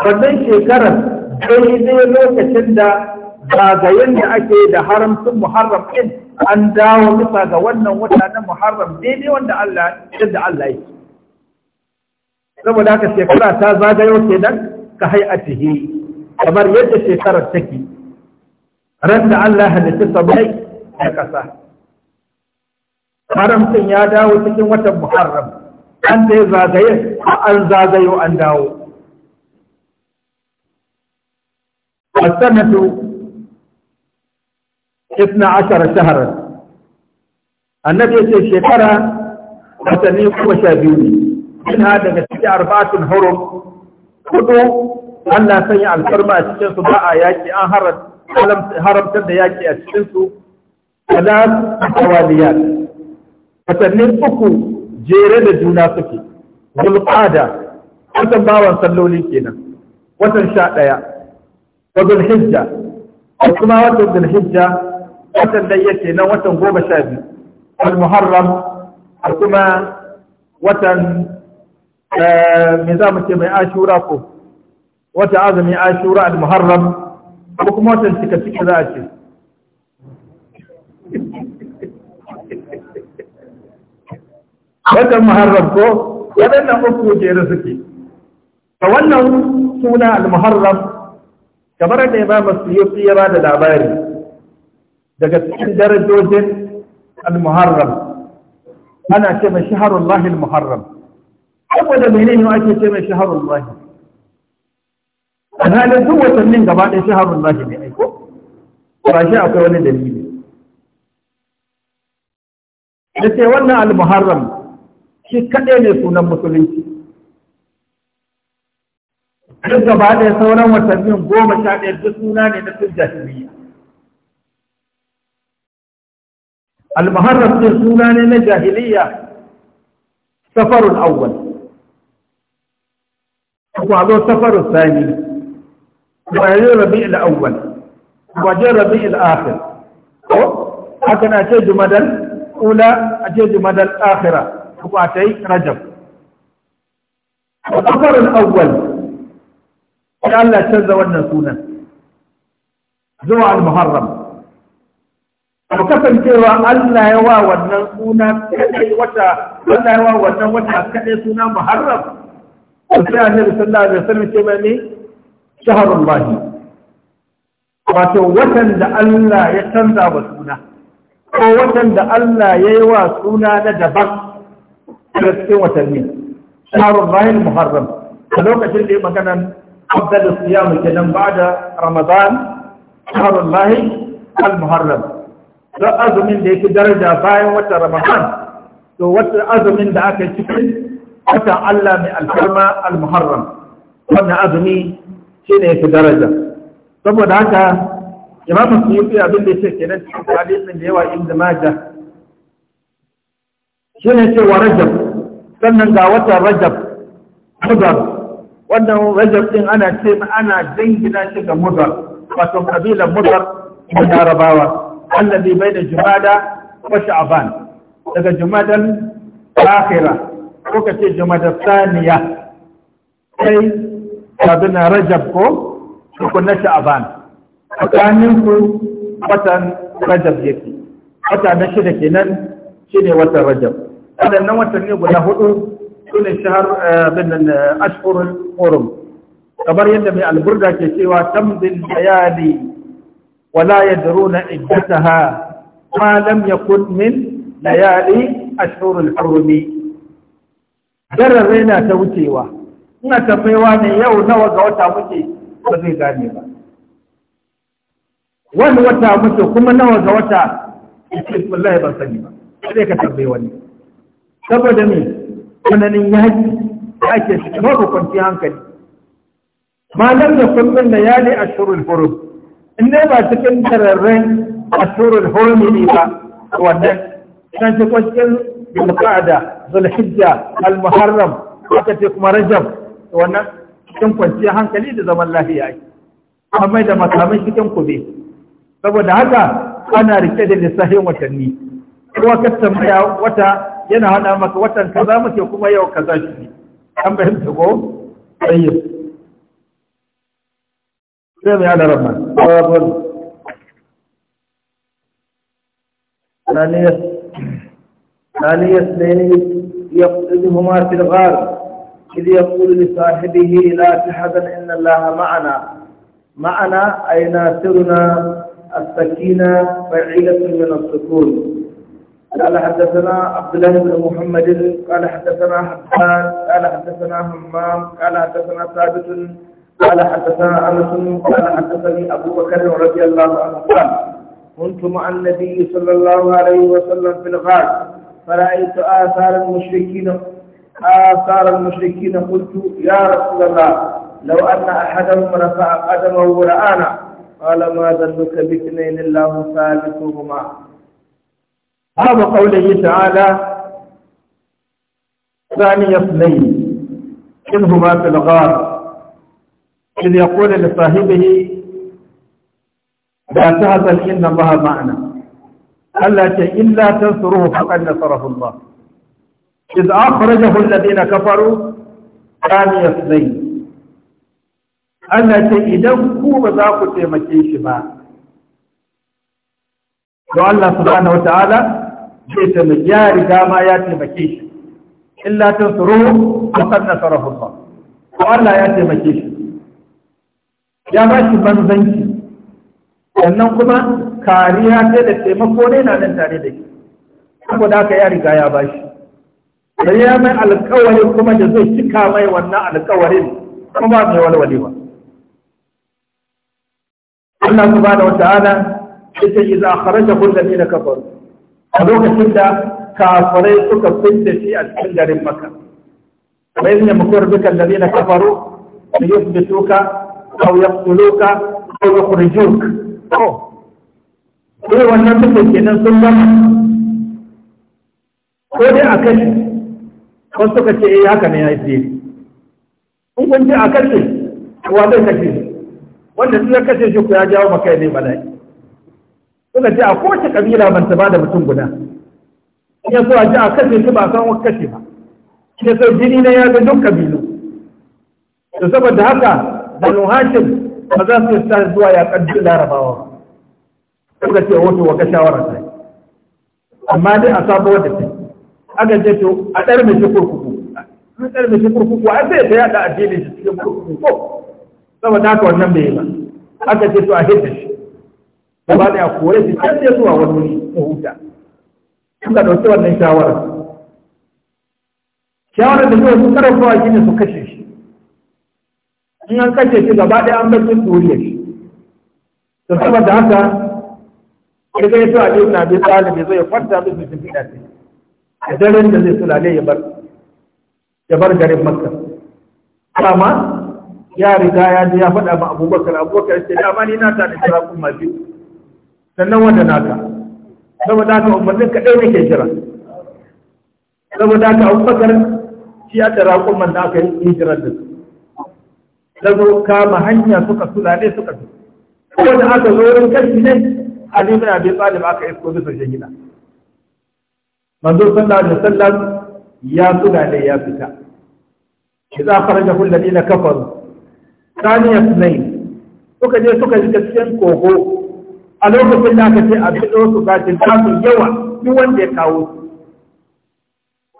wannan shekarar daidai lokacin da zagayen da ake da haramcin muharram ɗin an dawo bisa ga wannan wata na muharram daidai wanda Allah yadda Allah yi. saboda haka shekara ta zagayo kenan ka hay'atihi kamar yadda shekarar take ran da Allah halitta sabai da ƙasa haramcin ya dawo cikin watan muharram an da zagayen an zagayo an dawo السنة اثنا عشر شهرا النبي يقول شكرا وتنين قوة شابيوني من هذا نتيجة أربعة هرم خذوا Allah sanya alfarma a cikinsu ba a yaƙi an haramtar da yaƙi a cikinsu salat hawaliyat watannin uku jere da juna suke zulqada watan bawan salloli kenan watan sha ɗaya wa zulhijja da kuma watan zulhijja watan da yake nan watan goma sha biyu wal muharram da kuma watan me za mu ce mai ashura ko wata azumi ashura al muharram ko kuma watan cika cika za a ce watan muharram ko waɗannan uku jere suke ta wannan suna al muharram kamar da imam suyuti ya bada labari daga cikin darajojin al-muharram ana ce mai lahi al-muharram mene ne ake ce mai lahi a halin duk watannin gaba ɗaya lahi ne aiko ba shi akwai wani dalili da ce wannan al-muharram shi kaɗai ne sunan musulunci duk gaba ɗaya sauran watannin goma sha ɗaya duk suna ne na tun jahiliya almuharram din suna ne na jahiliya safarun awwal ko a zo safarun sani wajen rabi'ul awwal wajen rabi'ul akhir ko haka na ce jumadal ula a ce jumadal akhira ko a ta yi rajab safarun awwal sai Allah canza wannan sunan zuwa al-muharram abu kasancewa Allah ya wa wannan suna kadai wata Allah ya wa wannan wata kadai suna muharram sai annabi sallallahu alaihi wasallam ce mai shahrul lahi wato watan da Allah ya canza wa suna ko watan da Allah ya yi wa suna na daban a cikin watanni shahrul lahi muharram a lokacin da ya magana أفضل الصيام كلام بعد رمضان شهر الله المحرم ده أزمن ديك درجة باين وتا رمضان ده وتا أزمن ده أكي شكل وتا علم الفرما المحرم وانا أزمي شين يك درجة طب ودعك إمام السيوطي أبن دي شكل نتشكل حديث من ديوة إبن ماجة شين يشي ورجب سنن ده وتا رجب حضر wannan rajab din ana ce ana dangina shi ga mudar wato kabilan mudar da jarabawa allazi baina jumada wa sha'ban daga jumadan akhira ko kace jumada saniya sai kabina rajab ko ko na sha'ban tsakanin ku watan rajab yake wata na shida kenan shine watan rajab watan watanni guda hudu كل شهر آه، من أشهر القرم كبر على البردة كسوى تمضي الليالي ولا يدرون عدتها ما لم يكن من ليالي أشهر الحرم جرى رينا توتيوا ما تفيواني يو نوى غوتا وتي بغي غاني با وان وتا متو كما نوى غوتا بسم الله بسم الله بسم الله بسم الله بسم الله tsananin yaƙi da ake shi babu hankali malar da kullum da ne a shurul hurum in ba cikin tararren a shurul hurumi ne ba wannan can ci kwaskin zulqa'ada zulhijja al-muharram aka ce kuma rajab wannan cikin kwanciyar hankali da zaman lafiya ake amma da makamai cikin kube saboda haka ana rike da lissafin watanni kuma wata yana hada maka watan kaza muke kuma yau kaza shi an fahimta ko tayyib sai mai hada rabban babul ثاني اثنين يقتلهما في الغار إذ يقول لصاحبه لا تحزن إن الله معنا معنا أي ناصرنا السكينة فعيلة من السكون قال حدثنا عبد الله بن محمد قال حدثنا حبان قال حدثنا همام قال حدثنا ثابت قال حدثنا انس قال حدثني ابو بكر رضي الله عنه قال كنت مع النبي صلى الله عليه وسلم في الغار فرايت اثار المشركين اثار المشركين قلت يا رسول الله لو ان احدهم رفع قدمه ورانا قال ما ظنك باثنين الله ثالثهما هذا قوله تعالى ثاني اثنين منهما في الغار إذ يقول لصاحبه لا تهزل إن الله معنا ألا شيء إلا تنصره فقد نصره الله إذ أخرجه الذين كفروا ثاني اثنين ألا شيء idan ku ba za ku taimake الله سبحانه وتعالى zai taimaki ya riga ma ya taimake shi illa ta tsoro a kan nasarar hulba ko Allah ya taimake shi ya ba shi manzanci sannan kuma kariya ta da taimako ne na nan tare da shi da haka ya riga ya bashi. shi da ya mai alkawarin kuma da zai cika mai wannan alkawarin kuma ba mai ba Allah subhanahu wa ta'ala ita idza kharaja kullu min kafaru a lokacin da kafirai suka fidda shi a cikin garin maka bai ne mukuwar dukan da na kafaru da yi su bituka ko ya ka ko ya kurjuk ko sai wannan suka kenan sun gama ko dai a kashi ko suka ce eh haka ne ya yi in kun ji a kashi wa zai kashe wanda sun kashe shi ku ya jawo maka ne bala'i suka ce a kowace kabila ban ta da mutum guda in so a ji a kashe shi ba san wani kashe ba Ina so jini na ya ga duk kabilu to saboda haka banu hashim ba za su sa zuwa ya kaddu larabawa suka ce wato wa ga shawara ta amma dai a sabo da ta aga je to a dar mai kurkuku an dar mai kurkuku a sai ta yada addini shi cikin kurkuku ko saboda haka wannan bai yi ba aka ce to a hidda shi gaba da kore shi can zuwa wani wuri ko huta suka ɗauki wannan shawarar shawarar da kawai su karfawa shine su kashe shi in an kashe shi gaba ɗaya an bar sun duriya shi to saboda haka kirga ya tuwa ɗin na bi tsalib ya zo ya kwanta musu su fiɗa ce a daren da zai sulale ya bar ya bar garin makka amma ya riga ya je ya faɗa ma abubakar abubakar ce dama amani na ta da sarakun ma biyu sannan wanda naka saboda haka umarnin kaɗai nake jira saboda haka abubakar shi a da raƙon da aka yi hijirar da su zago kama hanya suka ne suka su da aka zo wurin kashi ne ali bin abi talib aka isko bisa jigila manzo sallallahu alaihi wasallam ya ne ya fita idza kharajahu alladhina kafaru thaniya ithnain suka je suka ji cikin kogo a lokacin da aka ce a bido wasu gashin tasun yawa duk wanda ya kawo su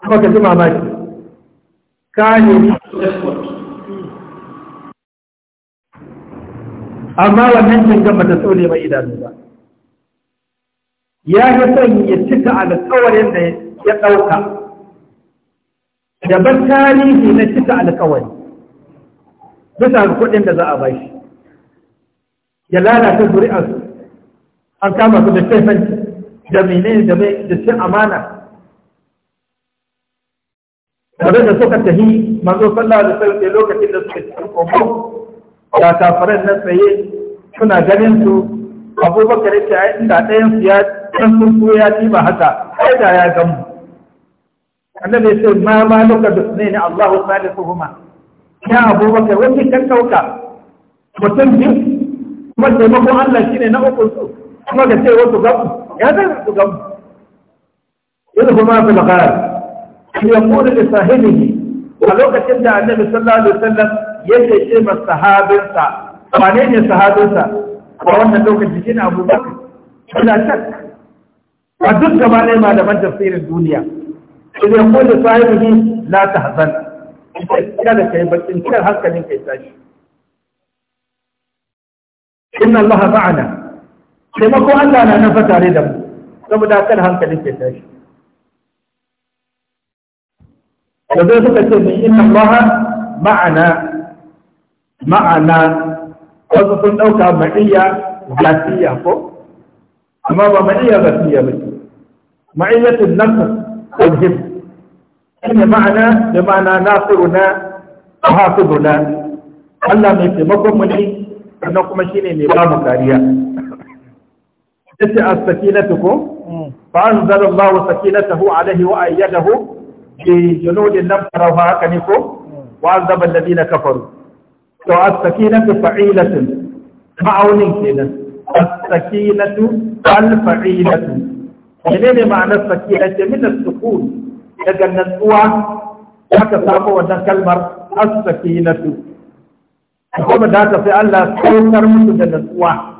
kuma ka ji mamaki ka ne amma wannan cangan ba ta tsole mai idanu ba ya ga son ya cika alƙawarin da ya ɗauka daban tarihi na cika alkawari bisa ga kuɗin da za a bashi ya lalata zuri'arsu an kama su da shaifanci da mene da mai da cin amana tare da suka tahi manzo sallallahu alaihi wasallam lokacin da suka ci komo da kafiran na tsaye suna ganin su abubakar yake ai inda ɗayan su ya san sun ya ci ba haka ai da ya gamu annabi ya ce ma ma luka ne Allahu salisuhuma ya abubakar wani kankauka mutum biyu kuma taimakon Allah shine na uku su kuma ka ce wasu gabu ya zai su gabu yanzu ma fi magana in ya kuri da sahibihi a lokacin da annabi sallallahu alaihi wasallam ya ce ce ma sahabinsa wane ne sahabinsa a wannan lokaci shi ne abubakar ila shak a duk gaba ne malaman tafsirin duniya in ya kuri sahibihi la tahzan kada kai bakin kar hankalin kai tashi inna allaha ma'ana taimako Allah na nafa tare da mu saboda kan hankali ke tashi da zai suka ce min inna Allah ma'ana ma'ana wasu sun ɗauka ma'iyya zatiya ko amma ba ma'iyya zatiya ba ce ma'iyyatul nasr wal hib inna ma'ana da ma'ana na nasiruna wa hafizuna Allah mai taimakon mu ne sannan kuma shine mai ba mu kariya yace as-sakinatu ko mm. fa anzala Allahu sakinatahu alayhi wa ayyadahu bi junudin lam tarawha haka ne ko mm. wa azaba alladhina kafaru to as-sakinatu fa'ilatun ma'aunin kenan as-sakinatu al-fa'ilatu menene ma'anar sakinatu min as-sukun daga natsuwa aka samu wannan kalmar as-sakinatu kuma da ta sai Allah saukar musu da natsuwa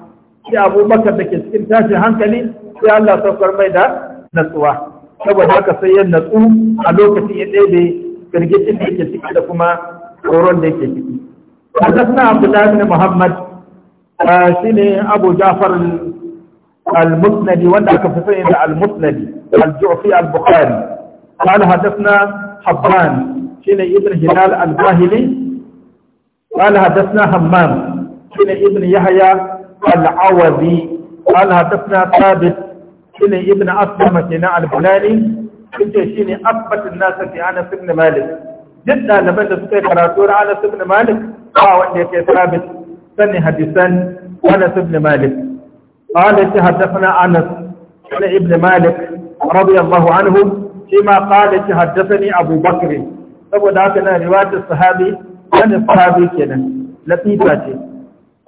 sai abubakar da ke cikin tashin hankali sai Allah saukar mai da natsuwa saboda haka sai ya natsu a lokacin ya ɗebe da yake ciki da kuma koron da yake ciki a zasna abu muhammad shi ne abu al-musnadi wanda aka fi sanya da al-musnadi al-jufi al-bukhari قال حدثنا حبان شين ابن هلال الباهلي قال حدثنا همام شين ابن يحيى العوضي قال حدثنا ثابت بن ابن أسلم كنا البلاني كنت شيني أثبت الناس في أنس بن مالك جدا لمن تسكي قراتور أنس بن مالك قاوة يكي ثابت سني حديثا أنس بن مالك قال حدثنا أنس بن ابن مالك رضي الله عنه فيما قال حدثني أبو بكر saboda رواية الصحابي riwayatul الصحابي wani sahabi kenan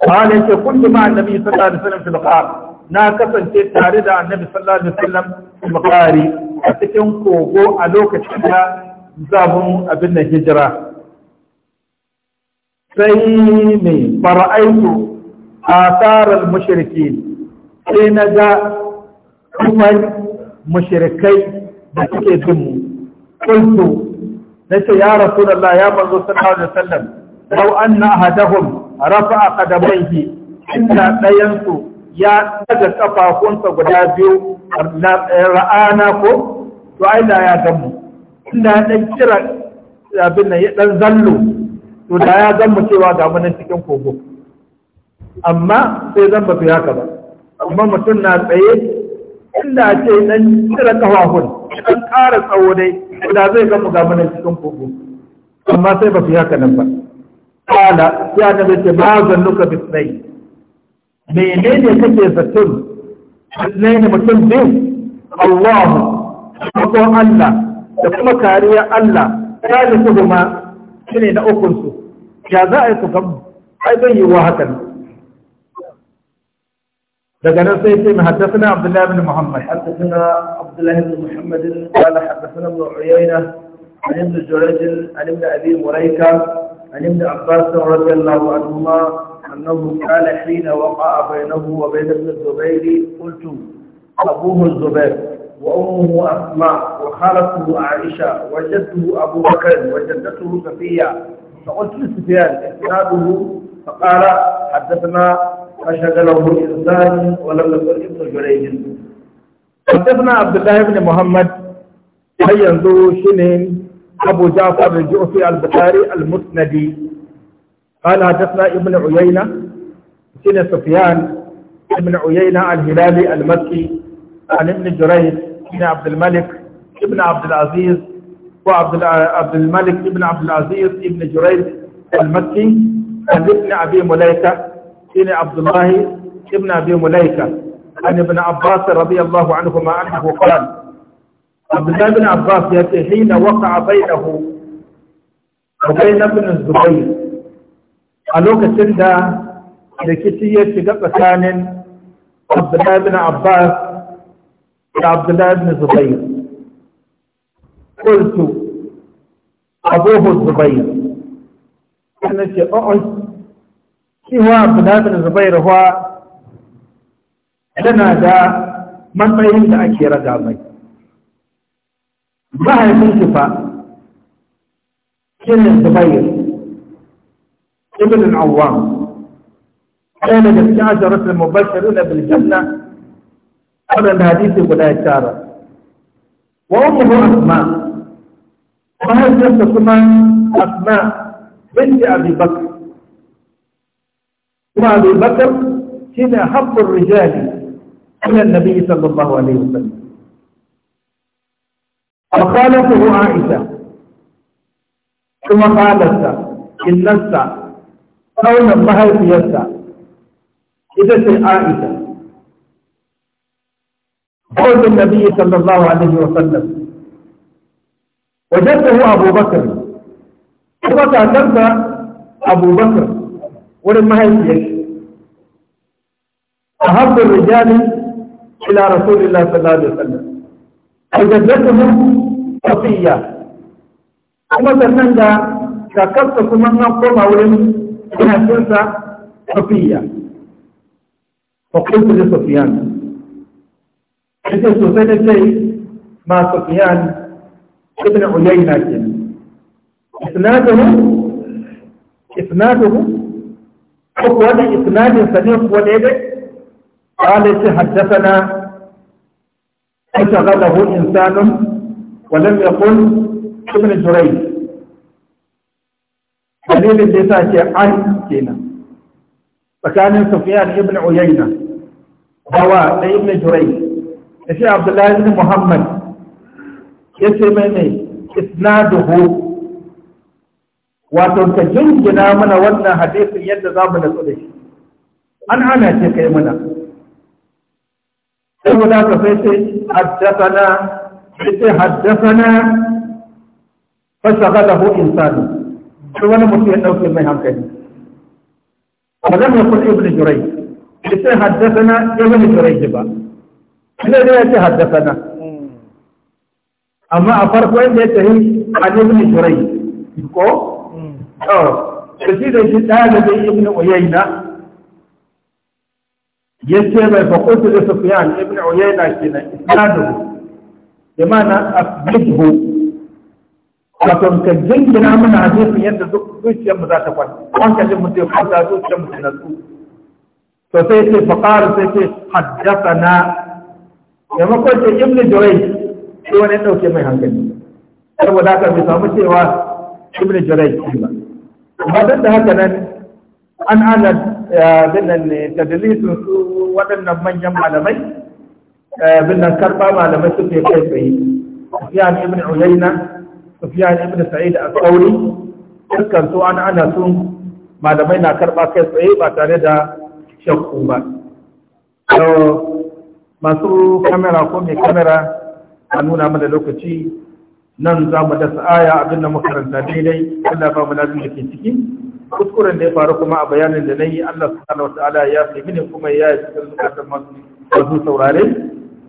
قال يا كنت مع النبي صلى الله عليه وسلم في na kasance tare da annabi sallallahu alaihi wasallam bukari a cikin kogo a lokacin da zabun abin da hijira sai me fara'aitu tsarar mushriki sai na ga kuma mushrikai da suke bin mu kultu nace ya rasulullah ya manzo sallallahu alaihi wasallam Dau an na hadahun rafa a rafa'a qadamayhi inda ɗayansu ya daga ƙafafunsa guda biyu ra'ana ko to ai da ya gamu inda ya ɗan kira abin nan ya dan zallo to da ya gamu cewa ga mu cikin kogo amma sai zan ba su haka ba amma mutum na tsaye inda ce ɗan kira ƙafafun, dan ƙara tsawo dai da zai gamu ga mu cikin kogo amma sai ba su haka nan ba kala sai annabi ce ba zannuka bisai menene kake zaton bisai ne mutum biyu allahu ko Allah da kuma kariya Allah kalisu kuma shine na ukun su ya za a yi su gamu ai zai yi wa hakan daga nan sai sai haddasa Abdullahi bin Muhammad haddasa na Abdullahi bin Muhammad qala haddasa na Uyayna عن ابن جريج عن ابن أبي مريكة عن ابن عباس رضي الله عنهما أنه قال حين وقع بينه وبين ابن الزبير قلت أبوه الزبير وأمه أسماء وخالته عائشة وجدته أبو بكر وجدته صفية فقلت لسفيان اسناده فقال حدثنا له إنسان ولم يقل ابن جريج حدثنا عبد الله بن محمد هيا ذو شنين أبو جعفر الجعفي البخاري المسندي قال حدثنا ابن عيينة سنة سفيان ابن عيينة الهلالي المكي عن ابن جريج بن عبد الملك ابن عبد العزيز وعبد عبد الملك ابن عبد العزيز ابن جريج المكي عن ابن أبي مليكة ابن عبد الله ابن أبي مليكة عن ابن عباس رضي الله عنهما أنه قال abdullahi bin abbas ya ce hina waka bainahu wa bain ibn zubayr a lokacin da rikici ya shiga tsakanin abdullahi bin abbas da abdullahi bin zubayr qultu abuhu zubayr kana ce o'oi oh, oh, shi wa abdullahi bin zubayr huwa yana da matsayin da ake raga mai ظاهر الصفة كل الزبير ابن العوام كان يستعجى رسل المبشرون بالجنة قبل الهديث ولا يشارة وأمه أسماء وهذه أسماء أسماء بنت أبي بكر وأبي بكر كان حق الرجال إلى النبي صلى الله عليه وسلم فقالته عائشة ثم قالت إن لست قول الظهر في يسا إذا عائشة قول النبي صلى الله عليه وسلم وجدته أبو بكر ثم تعلمت أبو بكر ولم أهب الرجال إلى رسول الله صلى الله عليه وسلم أجدته wasiya kuma sannan da kakarsa kuma nan koma wurin yanarsa safiya fakultu da safiyan ita sosai da ce ma safiyan ibn uyayna ke isnaduhu isnaduhu ko kuwa da isnadin sa ne kuwa ne dai قال حدثنا فشغله إنسان ولم يقل ابن جريج dalilin da yasa ce an kenan tsakanin Sufyan ibn Uyayna dawa da ibn Jurayj da shi Abdullahi ibn Muhammad yace mai ne isnaduhu wato ka jingina mana wannan hadisin yadda za mu natsu da shi an hana ce kai mana sai mu da ka sai ce haddathana حدثنا فشغله انسان شو انا مش يدوك ما هم كذي ولم يقل ابن جريج حدثنا ابن جريج با لا حدثنا اما افرق وين ده علي ابن جريج كو اه كثير جدا لدي ابن عيينة يسير فقلت لسفيان ابن عيينة كنا اسناده da mana asbidhu wato ka jingina mana hadisin yadda zuciyar mu za ta kwanta hankalin mu sai kwanta zuciyar mu na su to sai ce faqara sai ce haddathana ya mako ce ibnu jurai sai wani dauke mai hankali saboda haka bai samu cewa ibnu jurai ba amma dan da haka nan an ana dinnan eh, tadlisin su waɗannan manyan malamai Eh, abin nan karɓa malamai suke kai tsaye Sufyan ibn Uyayna Sufyan ibn Sa'id al-Thawri dukkan su an ana sun malamai na karɓa kai tsaye ba tare da shakku ba masu kamera ko mai kamera a nuna mana lokaci nan za mu dasa aya abin da makaranta daidai Allah ba mu lalun da ke ciki kuskuren da ya faru kuma a bayanin da na yi Allah subhanahu wa ta'ala ya fi mini kuma ya yi cikin zukatan masu saurare